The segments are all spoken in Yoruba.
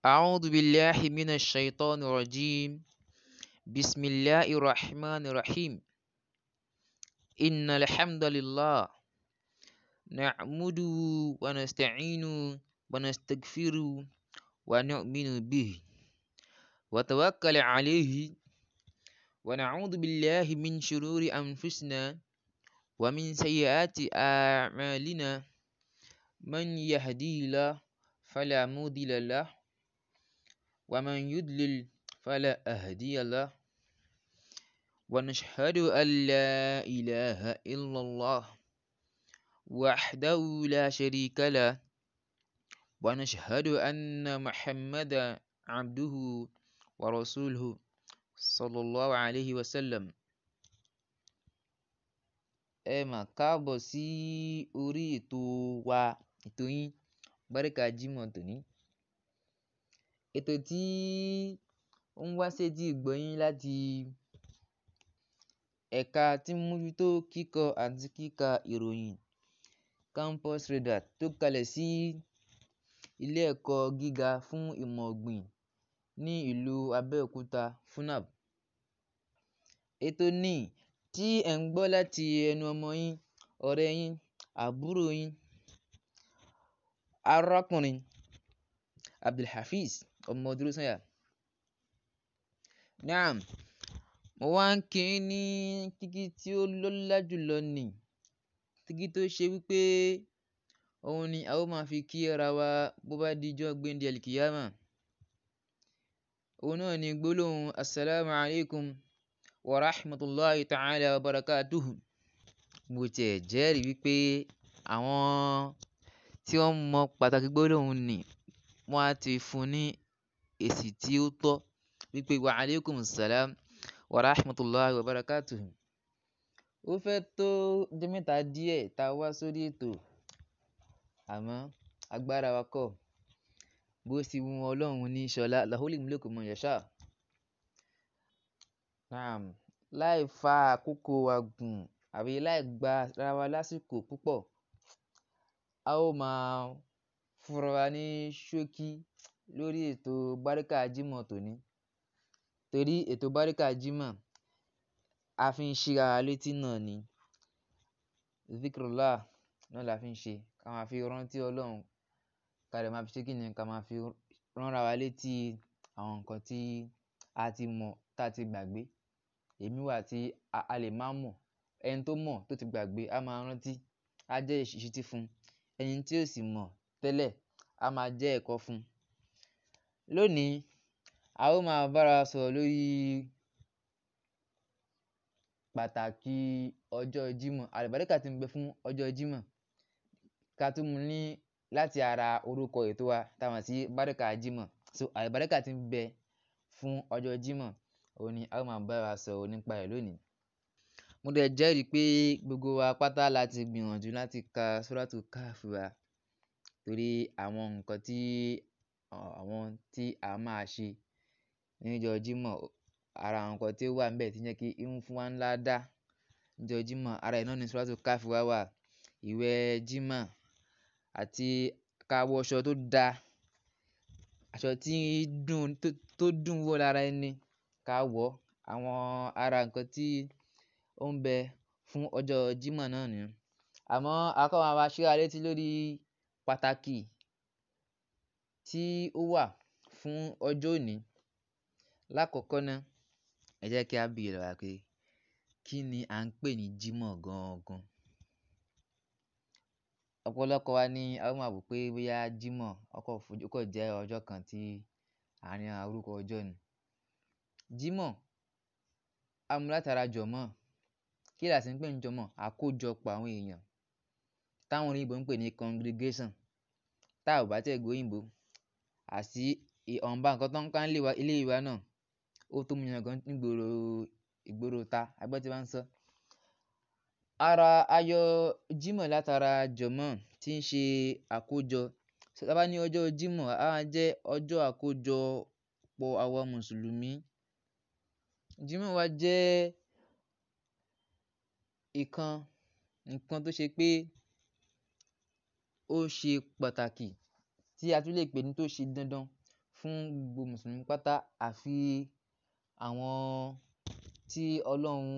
أعوذ بالله من الشيطان الرجيم بسم الله الرحمن الرحيم إن الحمد لله نعمد ونستعين ونستغفر ونؤمن به وتوكل عليه ونعوذ بالله من شرور أنفسنا ومن سيئات أعمالنا من يهدي الله فلا مضل له ومن يدلل فلا أهدي له ونشهد أن لا إله إلا الله وحده لا شريك له ونشهد أن محمدا عبده ورسوله صلى الله عليه وسلم أما mà káàbọ̀ sí orí ètò wa ètò yín Jímọ̀ tòní Ètò tí ó ń wá sí etí ìgbọ́ yín láti ẹ̀ka tí ń mójútó kíkọ àti kíka ìròyìn Campus Radar tó kalẹ̀ sí Ilé ẹ̀kọ́ gíga fún ìmọ̀ ọ̀gbìn ní ìlú Abẹ́òkúta FUNAB. Ètò ni tí ẹ̀ ń gbọ́ láti ẹnu ọmọ yín, ọ̀rẹ́ yín, àbúrò yín. Arákùnrin Abdulhafiz ọmọ dúró sànyà. Naam, mo wá ń kí i ní kíkí tí ó lọ́lá jùlọ ni. Kíkí tó ṣe wípé òun ni a máa fi kí ara wa bó bá di ijọ́ gbéǹde Òun náà ni gbólóhùn Assalamu alaikum wa rahmatullahi ta'ala wa barakatuhu. Mo tiẹ̀ jẹ́rìí wípé àwọn tí wọ́n mọ pàtàkì gbólóhùn ni wọ́n á ti fún ní èsì tí ó tọ́ wípé wa alaikum salam wa rahmatulahi wa barakatuhu. Ó fẹ́ tó ọjọ́ mẹ́ta díẹ̀ tá a wá sórí ètò àmọ́ agbára wa kọ̀ bó sì wù ọlọ́run ní ṣọlá làhólì múlẹ̀kù mọ̀ yẹ̀ṣà. Láì fa àkókò wa gùn àbí láì gba ara wa lásìkò púpọ̀ a ó máa fúnra wa ní ṣókí lórí ètò Báríkà Jímọ̀ tòní torí ètò Báríkà Jímọ̀ a fi ń ṣíra wa létí náà ni. Zikrullah náà la fi ń ṣe. Ká máa fi rántí Ọlọ́run, ká dẹ̀ máa fi ṣe kíni ká máa fi ránra wa létí àwọn nǹkan tí a ti mọ̀ tá ti gbàgbé. Èmi wà tí a lè má mọ̀, ẹni tó mọ̀ tó ti gbàgbé a máa rántí, á jẹ́ ìṣítí fún un. Ẹni tí ò sì mọ̀ tẹ́lẹ̀, á máa jẹ́ ẹ̀kọ́ fún un. Lónìí, a ó máa bára wa sọ̀rọ̀ lórí pàtàkì ọjọ́ Jímọ̀, àlùbáríkà tí ń bẹ fún ọjọ́ Jímọ̀. Ká tún mu ní láti ara orúkọ ètò wa tá sí Báràká Jímọ̀. So àlùbáríkà tí ń bẹ fún ọjọ́ Jímọ̀, òun ni a ó máa bára wa sọ̀rọ̀ nípa ẹ̀ lónìí. Mo dẹ̀ jẹ́rìí pé gbogbo wa pátá la gbìyànjú láti ka Súrátù Kahf wa torí àwọn nǹkan tí àwọn tí a máa ṣe níjọ́ Jímọ̀. Ara àwọn nǹkan tí ó wà níbẹ̀ tí ń jẹ́ kí ń fún wa ńládá níjọ́ Jímọ̀. Ara ẹ̀ náà ni Suratul Kahf wá wà, ìwẹ̀ Jímọ̀ àti ká wọ aṣọ tó da, aṣọ tí dùn tó dùn wò lára ẹni ká wọ̀. Àwọn ara nǹkan tí ó ń bẹ fún ọjọ́ Jímọ̀ náà nìyẹn. Àmọ́ a kàn máa ma ṣira létí lórí pàtàkì tí ó wà fún ọjọ́ òní. Lákọ̀ọ́kọ́ ná, ẹ jẹ́ kí a bèèrè wa pé kí ni à ń pè ní Jímọ̀ gangan? Ọ̀pọ̀lọpọ̀ wa ni a ó máa wò pé bóyá Jímọ̀ ó kàn jẹ́ ọjọ́ kan tí àárín orúkọ ọjọ́ ni. Jímọ̀, a mú látara jọ̀mọ́. Kí la sì ń pè ní jọ̀mọ́? Àkójọpọ̀ àwọn èèyàn táwọn òyìnbó ń pè ní congregation. Tá ò bá tiẹ̀ gbọ́ àti ìwọ̀nba nǹkan tó ń ká nílé wa náà ó tó mú yan gan nígboro ìgboro ìta a gbọ́ tí ń sọ. Ara ayọ̀ Jímọ̀ látara jọ̀mọ́ tí ń ṣe àkójọ. So tá bá ní ọjọ́ Jímọ̀, a máa jẹ́ ọjọ́ àkójọpọ̀ àwa Mùsùlùmí. Jímọ̀ wa jẹ́ ìkan nǹkan tó ṣe pé ó ṣe pàtàkì tí a tún lè pè ní tó ṣe dandan fún gbogbo mùsùlùmí pátá àfi àwọn tí Ọlọ́run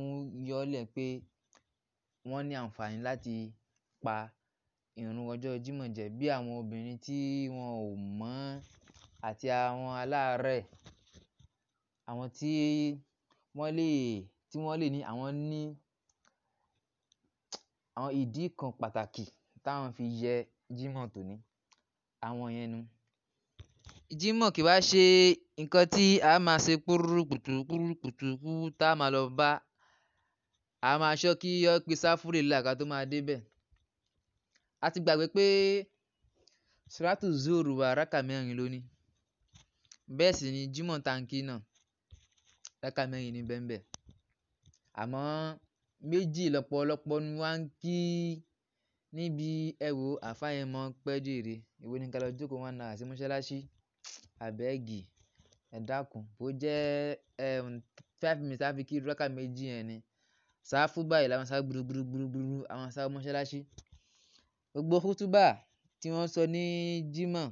yọọ́lẹ̀ pé wọ́n ní àǹfààní láti pa ìrun ọjọ́ Jímọ̀ jẹ bí àwọn obìnrin tí wọn ò mọ̀ àti àwọn aláàárẹ̀, àwọn tí wọ́n lè tí wọ́n lè ní àwọn ní àwọn ìdí kan pàtàkì táwọn fi yẹ Jímọ̀ tòní àwọn yẹn nu. Jímọ̀ kì í wá ṣe nǹkan tí a máa ṣe kúrúkùtù kúrúkùtù kú tá a máa lọ bá. A máa ṣọ́ kí ó pe sáfùrélà ká tó máa dé bẹ̀. A ti gbàgbé pé Suratu Zuhru wa rákà mẹ́rin ló ní. Bẹ́ẹ̀ sì ni Jímọ̀ táǹkì náà rákà mẹ́rin ní bẹ́ẹ̀ bẹ́ẹ̀. Àmọ́ méjì lọ́pọ̀lọ́pọ̀ ni wọ́n ń kí Níbi ẹwo àfáyẹmọ pẹ́ jèrè, èwo ni ká lọ jókòó one hour sí mọ́sálásí. Àbẹ́ẹ̀gì, ẹ dákun. Bó jẹ́, ehm, five minutes a fi kí rákà méjì yẹn ni. Sáfù báyìí la máa sá gbudugbudugbudu, a máa sá mọ́sálásí. Gbogbo kútúbà tí wọ́n sọ ní Jímọ̀,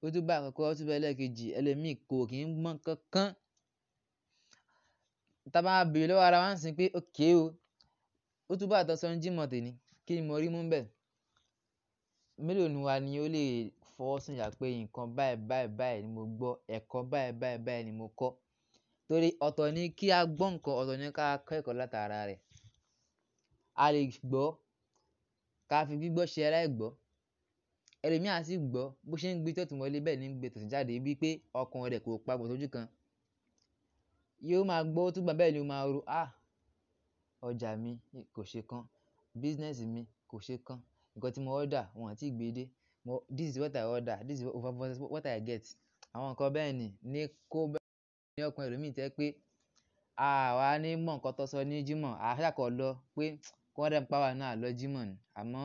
kútúbà àkọ́kọ́, kútúbà ẹlẹ́ẹ̀kejì, ẹlòmíì kò kí ń mọ̀ nǹkan kan. Tí a bá béèrè lọ́wọ́ ara wa ń sìn pé okay o, kútúbà tó sọ ní Jímọ̀ tèní. Kí ni mo rí mú bẹ́ẹ̀? Mélòó nínú wa ni ó lè fọwọ́ sọ̀yà pé nǹkan báì báì báì ni mo gbọ́, ẹ̀kọ́ báì báì báì ni mo kọ́? Torí ọ̀tọ̀ ni kí a gbọ́ nǹkan, ọ̀tọ̀ ni ká kẹ́kọ̀ọ́ látara rẹ̀. A lè gbọ́ ká fi gbígbọ́ ṣe aláìgbọ́. Ẹlòmíì a sì gbọ́ bó ṣe ń gbé tí ó tún wọlé bẹ́ẹ̀ ni ń gbé tọ̀tún jáde bí pé ọkàn rẹ̀ kò papọ̀ sójú kan. Yóò máa gbọ́, ó tún bẹ́ẹ̀ ni ó máa ro, "àh! Ah, ọjà mi kò ṣe kan." business mi kò ṣe kán. Ǹkan tí mo order wọ́n ti gbé dé. Mo this is what I order, this is over what I get. Àwọn nǹkan bẹ́ẹ̀ ni ní kó bá ní ọkàn ẹlòmíì to jẹ́ pé àwa ní mọ̀ nǹkan tó sọ ní Jímọ̀. A sá lọ pé kí wọ́n dẹ̀ ń pa wa náà lọ Jímọ̀ ni. Àmọ́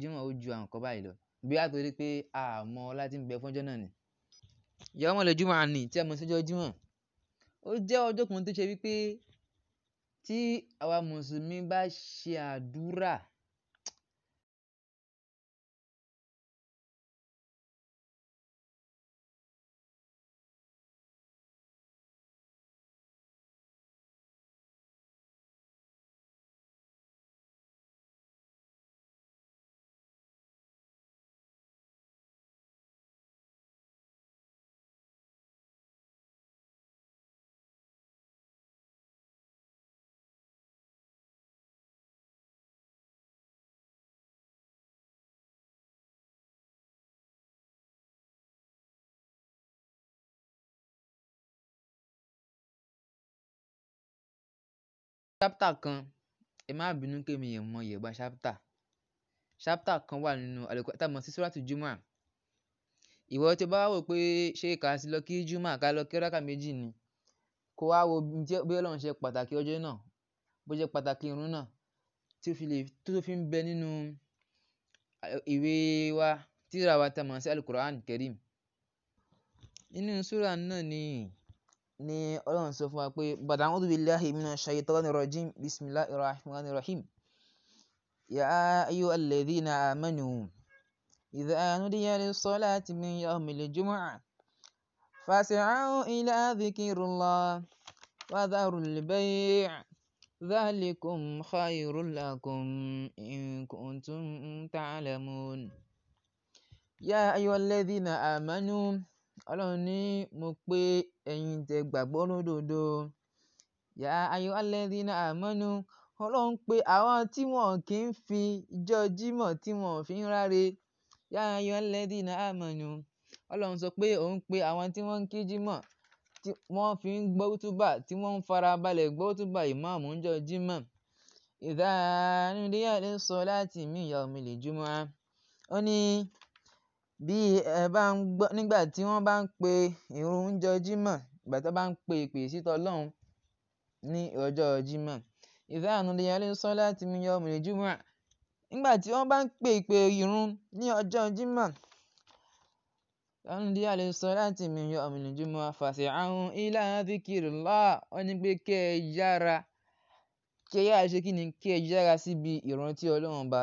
Jímọ̀ ó ju àwọn nǹkan báyìí lọ. Boya torí pé a mọ ọlá tí ń bẹ fún náà ni. Yawmul Jumu'ah ni tí a mọ̀ sí ọjọ́ Jímọ̀. Ó jẹ́ ọjọ́ kan tó ṣe wí Tí àwa Mùsùlùmí bá ṣe àdúrà, Chapter kan, ẹ má bínú pé mi ò mọ Yorùbá chapter. Chapter kan wà nínú àlùkò tá a mọ̀ sí Suratul Jum'ah. Ìwọ tí o bá wò pé ṣé ká sì lọ kí Jum'ah ká lọ kí rákà méjì ni, kó wá wo bí Ọlọ́run ṣe pàtàkì ọjọ́ náà, bó ṣe pàtàkì irun náà, tí ó fi lè, tí ó fi ń bẹ nínú ìwé wa, tírà wa tá sí Al-Qur'an Karim. Nínú súrà náà ni ni Ọlọ́run sọ fún wa pé bàdà àwọn òbí láhì mìíràn ṣayé tọ́lá ní rọ̀jìn bismillah irrahman irrahim ya ayu alẹ́dí na amẹ́nu ìdá ànúdíyà lè sọ láti mi yà ọmọlẹ̀ jùmọ̀ fàṣẹ̀rọ̀ ilẹ̀ àdìkìrùlọ wàdàrùlẹ̀bẹ̀yẹ̀ ذلكم خير لكم إن كنتم تعلمون يا أيها الذين آمنوا ọlọ́run ní mo pé ẹ̀yin tẹ gbàgbọ́ lódodo. Ya ayyuhalladhina amanu. Ọlọ́run pé àwọn tí wọ́n kì í fi ijọ́ Jímọ̀ tí wọ́n fi ń ráre. Ya ayyuhalladhina amanu. Ọlọ́run sọ pé òun pé àwọn tí wọ́n ń kí Jímọ̀, tí wọ́n fi ń gbọ́ khutba, tí wọ́n ń farabalẹ̀ gbọ́ khutba ìmáàmù ijọ́ Jímọ̀. Idha nudiya lis-salati min yawmil Ó Bí ẹ bá ń gbọ́, nígbà tí wọ́n bá ń pe ìrun ọjọ́ Jímọ̀, ìgbà tí wọ́n bá ń pe ìpè sí Ọlọ́run ní ọjọ́ Jímọ̀. Idha nudiya lissolati min yawmil jumu'ah. Nígbà tí wọ́n bá ń pe ìpè ìrun ní ọjọ́ Jímọ̀. Idha nudiya lissolati min yawmil jumu'ah fas'au ila dhikrillah. Wọ́n ní pé kí ẹ yára, kí ẹ yára ṣe kíni, kí ẹ yára síbi ìrántí Ọlọ́run Ọba.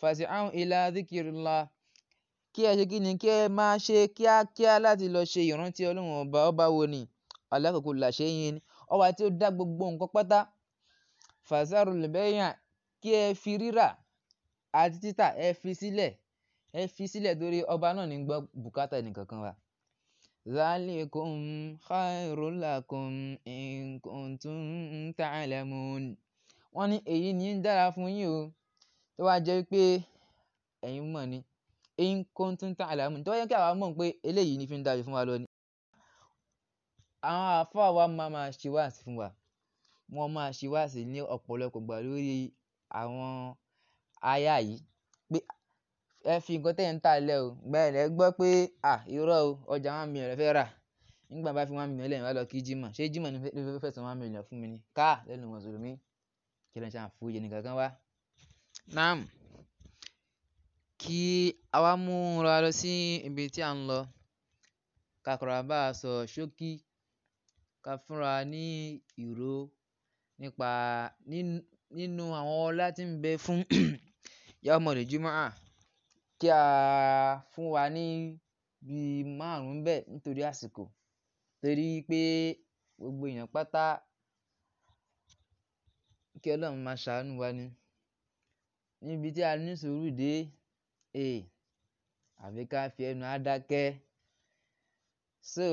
Fas'au ila dhikrillah kí ẹ ṣe kí ni kí ẹ máa ṣe kíákíá láti lọ ṣe ìrántí Ọlọ́run ọba ọba wo ni alákòókò làṣẹ yín ni ọba tí ó dá gbogbo nǹkan pátá fàṣàrò lẹ́bẹ̀yà kí ẹ fi rírà àti títà ẹ fi sílẹ̀ ẹ fi sílẹ̀ torí ọba náà ní gbọ́ bùkátà ẹnìkankan wa. zalikum khairul lakum in kuntum ní èyí ni ń dára fún yín o tó wá jẹ́ pé ẹ̀yin mọ̀ ni in kuntum ta'lamun tó yẹ kí àwa mọ̀ pé eléyìí ni fi ń dájú fún wa lọ ni. àwọn àfa wa máa máa ṣe wáàsí fún wa wọ́n máa ṣe wáàsí ní ọ̀pọ̀lọpọ̀ gbà lórí àwọn aya yìí pé ẹ fi nǹkan tẹ̀ ń tà lẹ̀ o gbẹ̀rẹ̀ lẹ́ gbọ́ pé à irọ́ o ọjà one million fẹ́ rà nígbà bá fi one million lẹ́yìn wá lọ kí Jímọ̀ ṣé Jímọ̀ ló fẹ́ fẹ̀sán one million fún mi ni káà lẹ́nu mùsùlùmí kí ló ń ṣàǹfù yẹn nìkan wá. naam. kí a wá mú ra lọ sí ibi tí à ń lọ. Ká kọ́ra bá sọ̀rọ̀ ṣókí, ká fúnra ní ìró nípa nínú àwọn ọlá tí ń bẹ fún Kí a fún wa ní bí márùn-ún bẹ́ẹ̀ nítorí àsìkò, torí pé gbogbo èèyàn pátá kí ma máa ṣàánú wa ni. Níbi tí a ní sùúrù dé Hey! Àfi ká fi ẹnu á dákẹ́. So,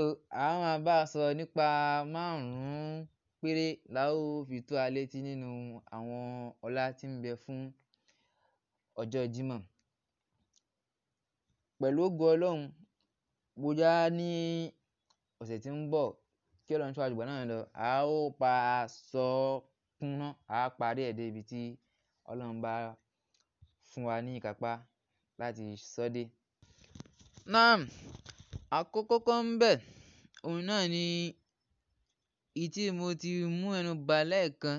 a máa bá sọ̀rọ̀ nípa márùn-ún péré la ó fi tó wa létí nínú àwọn ọlá tí ń bẹ fún ọjọ́ Jímọ̀. Pẹ̀lú ògo Ọlọ́run, bóyá ní ọ̀sẹ̀ tí ń bọ̀ kí Ọlọ́run ṣọ́ wa jù ìgbà náà lọ, a ó pa sọ kúnná, a parí ẹ̀ dé tí Ọlọ́run bá fún wa ní ìkápá láti sọ́ dé. Naam, àkọ́kọ́kọ́ ń bẹ̀, òun náà ni èyí mo ti mú ẹnu ba lẹ́ẹ̀kan.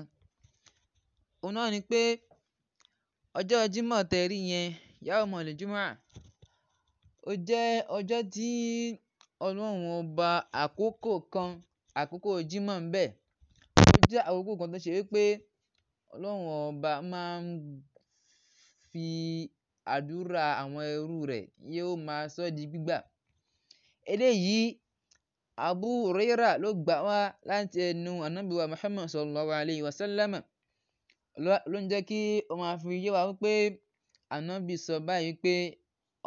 Òun náà ni pé ọjọ́ Jímọ̀ tẹ́rí yẹn, yaumul jumu'ah. Ó jẹ́ ọjọ́ tí Ọlọ́run ọba àkókò kan, àkókò Jímọ̀ ń bẹ̀. Ó jẹ́ àkókò kan tó ṣe wí Ọlọ́run ọba máa ń fi àdúrà àwọn ẹrú rẹ̀ yóò máa sọ di gbígbà. Eléyìí Abu Hurairah ló gbà wá láti ẹnu Ànábì wa Muhammad sallallahu alayhi wa sallam ló ń jẹ́ kí ó máa fi yé wa wípé Ànábì sọ báyìí pé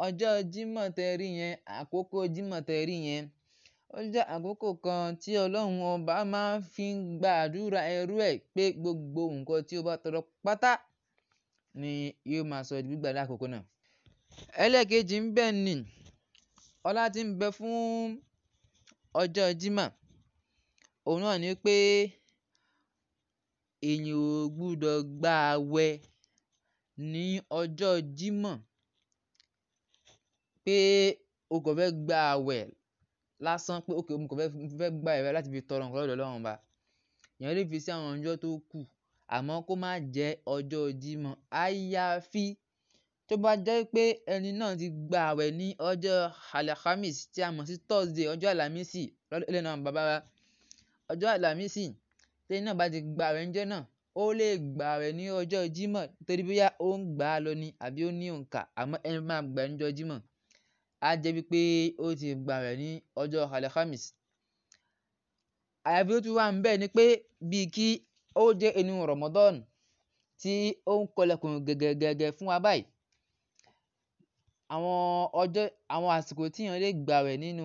ọjọ́ Jímọ̀ tẹ rí yẹn àkókò Jímọ̀ tẹ rí yẹn ó jẹ́ àkókò kan tí Ọlọ́run ọba máa fi gba àdúrà ẹrú ẹ̀ pé gbogbo nǹkan tí ó bá tọrọ pátá ni yóò máa sọ di gbígbà lákòókò náà. Ẹlẹ́ẹ̀kejì ń bẹ̀ ni ọlá tí ń bẹ fún ọjọ́ Jímọ̀. Òun náà ni pé èèyàn ò gbúdọ̀ gba àwẹ̀ ní ọjọ́ Jímọ̀ pé o kò fẹ́ gba àwẹ̀ lásán pé okay kò fẹ́, mo fẹ́ gba láti fi tọrọ nǹkan lọ́dọ̀ Ọlọ́run Ọba. Èèyàn lè fi sí àwọn ọjọ́ tó kù àmọ́ kó má jẹ́ ọjọ́ Jímọ̀. Àyàfi tó bá jẹ́ pé ẹni náà ti gba àwẹ̀ ní ọjọ́ Alhamis tí a mọ̀ sí Thursday, ọjọ́ Àlàmísì lẹ́nu àwọn bàbá wa. Ọjọ́ Àlàmísì tí ẹni náà bá ti gba àwẹ̀ ńjọ́ náà, ó lè gba àwẹ̀ ní ọjọ́ Jímọ̀ torí bóyá ó ń gbà á lọ ni àbí ó ní òǹkà àmọ́ ẹni máa gba ní ọjọ́ Jímọ̀. A jẹ́ wípé ó ti gba àwẹ̀ ní ọjọ́ Alhamis. Àyàfi tó tún wà níbẹ̀ ni pé bí kí ó jẹ́ inú Ramadan tí ó ń kọlẹ̀kùn gẹ̀gẹ̀gẹ̀gẹ̀ fún wa báyìí. Àwọn ọjọ́, àwọn àsìkò tí èèyàn lè gbàwẹ̀ nínú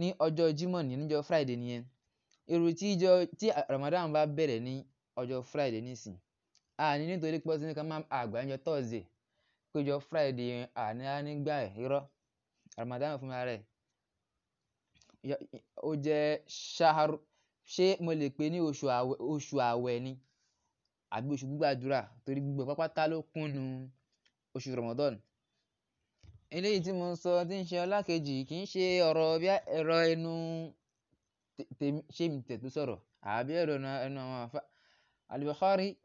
ní ọjọ́ Jímọ̀ ní níjọ́ Friday nìyẹn. Irú tí ìjọ tí Ramadan bá bẹ̀rẹ̀ ní ọjọ́ Friday a ní nítorí pé wọ́n ti máa àgbà Thursday pé Friday a ní irọ́. Ramadan fúnra rẹ̀ ó jẹ́ ṣé mo lè pè ní oṣù àwẹ̀, oṣù àwẹ̀ ni àbí oṣù gbígbàdúrà torí gbogbo e ló kúnnu oṣù Ramadan. Eléyìí tí mo ń sọ tí ń ṣe ọlá kejì kì í ṣe ọ̀rọ̀ bí ẹ̀rọ ẹnu tèmi, ṣé mi àbí ẹ̀rọ ẹnu àwọn àfá. al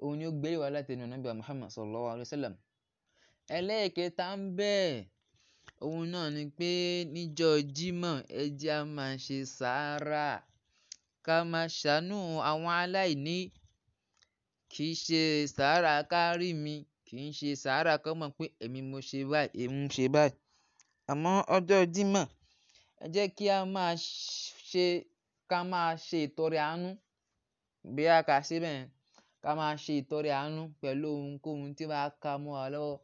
òun ni ó gbé wá láti ẹnu Muhammad Sallallahu Alaihi Wasallam. Ẹlẹ́ẹ̀kẹta ń bẹ òun náà ni pé níjọ́ Jímọ̀ ẹ a máa ṣe sàárà ká máa ṣàánú àwọn aláìní kì í ṣe sàárà kárí mi kì í ṣe sàárà kán mọ̀ pé èmi mo ṣe báyìí èmi mo ṣe báyìí àmọ́ ọjọ́ Jímọ̀ ẹ jẹ́ kí á máa ṣe ká máa ṣe ìtọrẹ àánú bóyá ka ṣé bẹ́yẹn ká máa ṣe ìtọrẹ àánú pẹ̀lú ohunkóhun tí bá ká mọ́ wa lọ́wọ́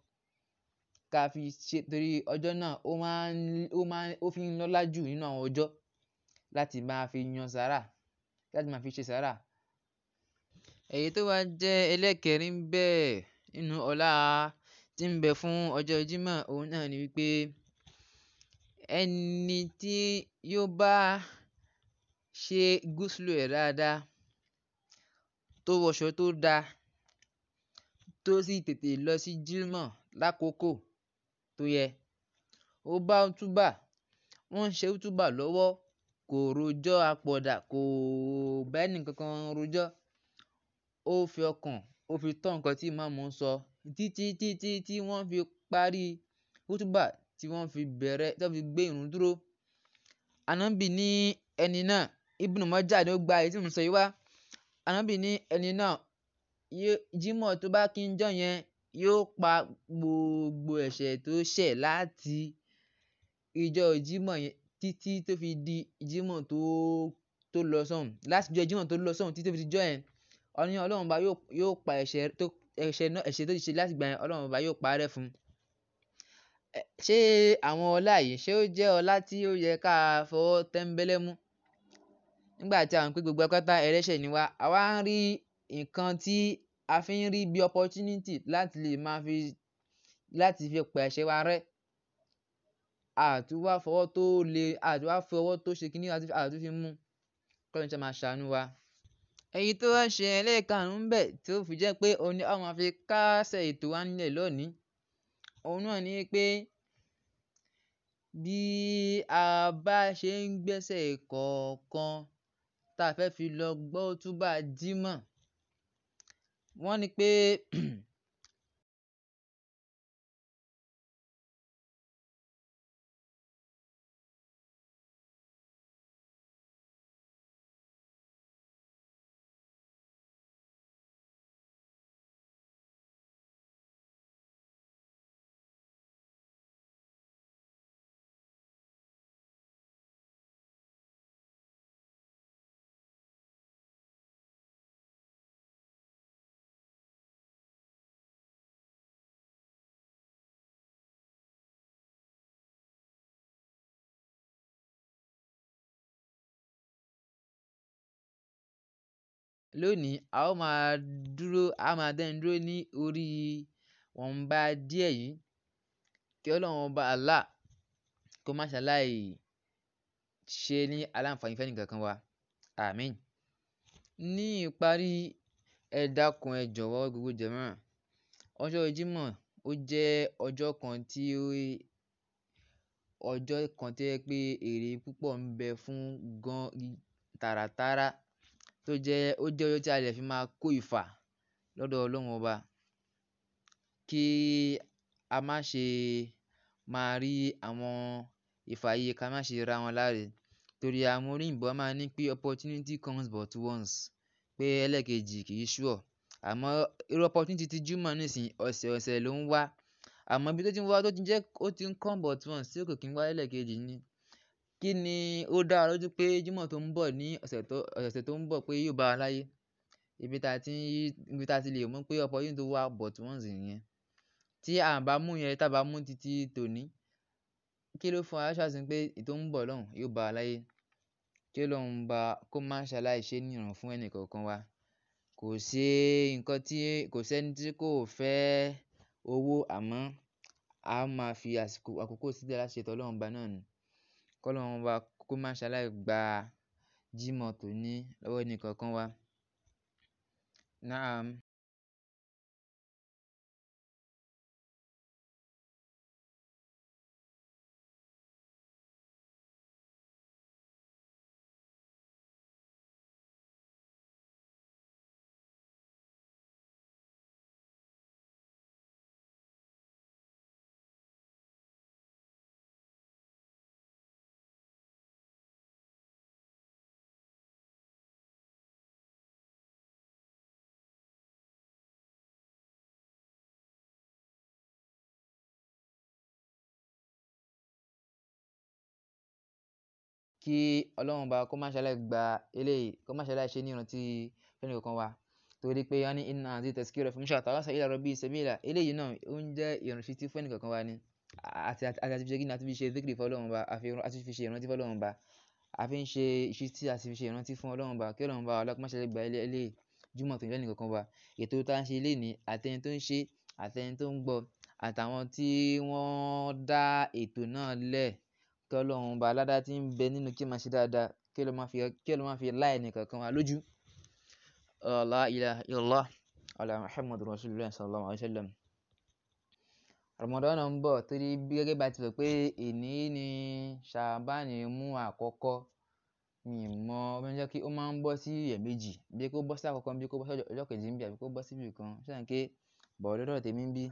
ká fi ṣe torí ọjọ́ náà ó máa ń ó máa ń ó fi ń lọ́lá jù nínú àwọn ọjọ́ láti máa fi yan sàárà láti máa fi ṣe sàárà. Èyí tó wá jẹ́ ẹlẹ́ẹ̀kẹrin bẹ́ẹ̀ nínú ọlá tí ń bẹ fún ọjọ́ Jímọ̀, òun náà ni wípé ẹni tí yóò bá ṣe gúúsùlù rẹ̀ dáadáa, tó wọṣọ tó da, tó sì tètè lọ sí Jímọ̀ lákòókò tó yẹ, ó bá útúbà, wọ́n ń ṣe útúbà lọ́wọ́, kò rojọ́ apọ̀dà, kò bá ẹni kankan rojọ́. Ó fi ọkàn, ó fi to nǹkan tí ìmáàmù ń sọ títí, títí tí wọ́n fi parí khutba tí wọ́n fi bẹ̀rẹ̀, tí wọ́n fi gbé ìrun dúró. Ànábì ní ẹni náà, Ibn Majah ni ó gba èyí tí mo sọ yìí wá. Ànábì ní ẹni náà, jímọ̀ tó bá kí ń jọ́ yẹn, yóò pa gbogbo ẹ̀ṣẹ̀ tó ṣẹ̀ láti ijọ́ jímọ̀ yẹn títí tó fi di Jímọ̀ tó tó lọ sọ́hùn. Láti ọjọ́ Jímọ̀ tó lọ sọ́hùn títí tó fi di ọjọ́ yẹn, ọ̀ní Ọlọ́run Ọba yóò yóò pa ẹ̀ṣẹ̀ tó ẹ̀ṣẹ̀ náà ẹ̀ṣẹ̀ tó ti ṣe láti ìgbà yẹn Ọlọ́run Ọba yóò pa á fún un. Ṣé àwọn ọlá yìí ṣé ó jẹ́ ọlá tí ó yẹ ká fọwọ́ tẹ́ńbẹ́lẹ́ mú? Nígbà tí a mọ̀ pé gbogbo wa pátá ẹlẹ́ṣẹ̀ ni wá, a wá ń rí nǹkan tí a fi ń rí bí opportunity láti lè máa fi láti fi pa ẹ̀ṣẹ̀ wa rẹ́ àti wá fọwọ́ tó le àti wá fọwọ́ tó ṣe kíní àti àti fi mú kọ́lọ́run ṣe máa ṣàánú wa. èyí tó wá ṣe ẹlẹ́ẹ̀karùn-ún bẹ̀ tí ó fi jẹ́ pé òun ni àwọn àfi kásẹ̀ ètò wa nílẹ̀ lónìí òun náà ni pé bí a bá ṣe ń gbẹ́sẹ̀ kọ̀ọ̀kan tá a fẹ́ fi lọ gbọ́ túbà jímọ̀ wọ́n ní pé Lónìí, a ó máa dúró, a máa dẹ́nu dúró ní orí wọ̀nba díẹ̀ yìí. Kí Ọlọ́run Ọba Allah kó má ṣaláì ṣe ní aláǹfààní fẹ́ni kankan wa. Àmín. Ní ìparí, ẹ dákun ẹ jọ̀wọ́ gbogbo jàmáà. Ọjọ́ Jímọ̀ ó jẹ́ ọjọ́ kan tí ó, ọjọ́ kan tí ó jẹ́ pé èrè púpọ̀ ń bẹ fún gan tàràtàrà tó jẹ́ ó jẹ́ ọjọ́ tí a lè fi máa kó ìfà lọ́dọ̀ Ọlọ́run Ọba kí a má ṣe máa rí àwọn ìfà yìí ká má ṣe ra wọn láre torí àwọn olóyìnbó a máa ní pé opportunity comes but once pé ẹlẹ́ẹ̀kejì kì í sure àmọ́ irú opportunity ti Júmọ̀ nísìnyí ọ̀sẹ̀ ọ̀sẹ̀ ló ń wá àmọ́ ibi tó ti ń wá tó ti jẹ́ ó ti ń come but once tí kò kí ń wá lẹ́ẹ̀kejì ni Kí ni ó dá ọ lójú pé Jímọ̀ tó ń bọ̀ ní ọ̀sẹ̀ tó, ọ̀sẹ̀ tó ń bọ̀ pé yóò bá wa láyé? Ibi ta ti, ibi ta ti lè mọ̀ pé opportunity wà but once nìyẹn. Tí a bá mú yẹn, tí a bá mú titi tòní, kí ló fún wa ṣáásí pé èyí tó ń bọ̀ lọ́hùn yóò bá wa láyé? Kí Ọlọ́run bá kó má ṣaláì ṣe ní ìrọ̀rùn fún ẹnì kọ̀ọ̀kan wa. Kò sí nǹkan tí, kò sí tí kò fẹ́ owó àmọ́ a máa fi àkókò sílẹ̀ láti ṣe t'Ọlọ́run bá náà ni. Kọ́lọ́run wa kó má ṣaláì gba Jímọ̀ tòní lọ́wọ́ ẹnì kọ̀ọ̀kan wa. Naam. kí Ọlọ́run ọba kó má ṣe aláìgba eléyìí kó má ṣe aláìṣe ní ìrántí fẹ́ni kankan wa torí pé wọ́n ní iná àti tẹ̀síkìrọ̀ fún ṣàtà wá sàyílà rọ bíi sẹ́mílà eléyìí náà ó ń jẹ́ ìrántí tí fẹ́ni kankan wa ni àti àti fi ṣe kíni àti fi ṣe zikiri fún Ọlọ́run ọba àti fi ṣe ìrántí fún Ọlọ́run ọba àfi ń ṣe ìṣítí àti fi ṣe ìrántí fún Ọlọ́run ọba kí Ọlọ́run ọba ọlọ́kùnmáṣe lè gba eléyìí júmọ̀ tó ń jẹ́ nìkankan wa ètò tá à ń ṣe ilé ní àtẹni tó ń ṣe àtẹni tó ń gbọ́ àtàwọn tí wọ́n dá ètò náà lẹ̀ kí Ọlọ́run ọba aládá tí ń bẹ nínú kí máa ṣe dáadáa kí Ọlọ́run máa fi kí Ọlọ́run máa fi lá ẹnì kankan wa lójú. La ilaha illallah ala Muhammad rasulillah sallallahu alayhi wa sallam. Ramadan ń bọ̀ torí gẹ́gẹ́ bá ti sọ pé èní ni Ṣàbáànì mú àkọ́kọ́ mi mọ ọmọ jẹ́ kí ó máa ń bọ́ sí ẹ̀ẹ̀mejì bí kò bọ́ sí àkọ́kọ́ bí kò bọ́ sí ọjọ́ kejì ń bí àbí kò bọ́ síbi kan ṣáà ń tèmi ń bí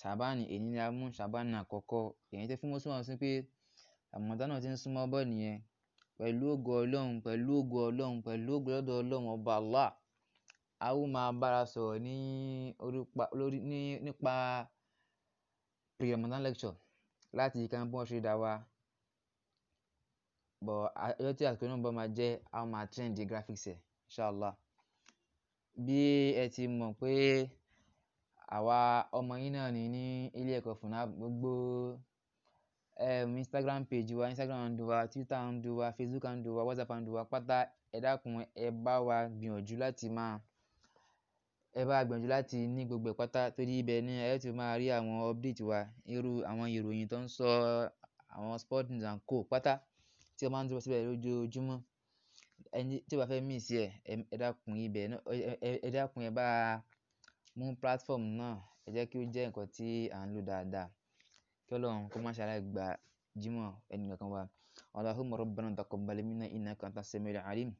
Ṣàbáànì èní ni a mú Ṣàbáànì àkọ́kọ́ èyí tó fún mọ́sùn wọn sí pé Àmọ̀tá náà ti ń súnmọ́ ball nìyẹn. Pẹ̀lú ògo Ọlọ́run, pẹ̀lú ògo Ọlọ́run, pẹ̀lú ògo lọ́dọ̀ Ọlọ́run ọba Allah. A ó máa bára sọ̀rọ̀ ní orípa lórí ní nípa pre-Ramadan lecture láti ìkànnì bí wọ́n ṣe dá wa. But ọjọ́ tí àsìkò náà bá máa jẹ́, a máa change graphics ẹ̀ inshallah. Bí ẹ ti mọ̀ pé àwa ọmọ yín náà ni ní ilé ẹ̀kọ́ FUNAB gbogbo um, Instagram page wa Instagram handle wa Twitter handle wa Facebook handle wa WhatsApp handle wa pátá ẹ dákun ẹ bá wa gbìyànjú láti máa ẹ bá wa gbìyànjú láti ní gbogbo ẹ̀ pátá torí ibẹ̀ ni ẹ ti máa rí àwọn update wa irú àwọn ìròyìn tó ń sọ àwọn sport news and co pátá tí wọ́n máa ń dúró síbẹ̀ lójoojúmọ́ ẹni tí ó bá fẹ́ mí sí ẹ̀ ẹ dákun ibẹ̀ ẹ dákun ẹ bá mú platform náà ẹ jẹ́ kí ó jẹ́ nǹkan tí à ń lò dáadáa. فلون كما شارك با جمع إن كان با اللهم ربنا تقبل منا إنك أنت السميع العليم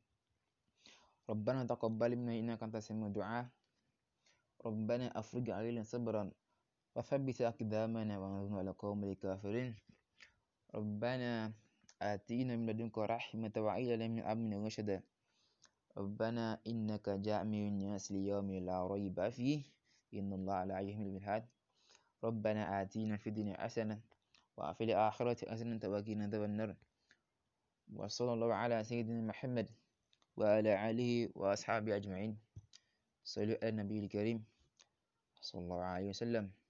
ربنا تقبل منا إنك أنت السميع الدعاء ربنا أفرج علينا صبرا وثبت أقدامنا وانظرنا على قوم الكافرين ربنا آتينا من لدنك رحمة وعيلا من أمن ورشدا ربنا إنك جامع الناس ليوم لا ريب فيه إن الله على عيهم الملحد ربنا آتينا في الدنيا حسنة وفي الآخرة حسنة وقنا عذاب النار وصلى الله على سيدنا محمد وعلى آله وأصحابه أجمعين صلوا على النبي الكريم صلى الله عليه وسلم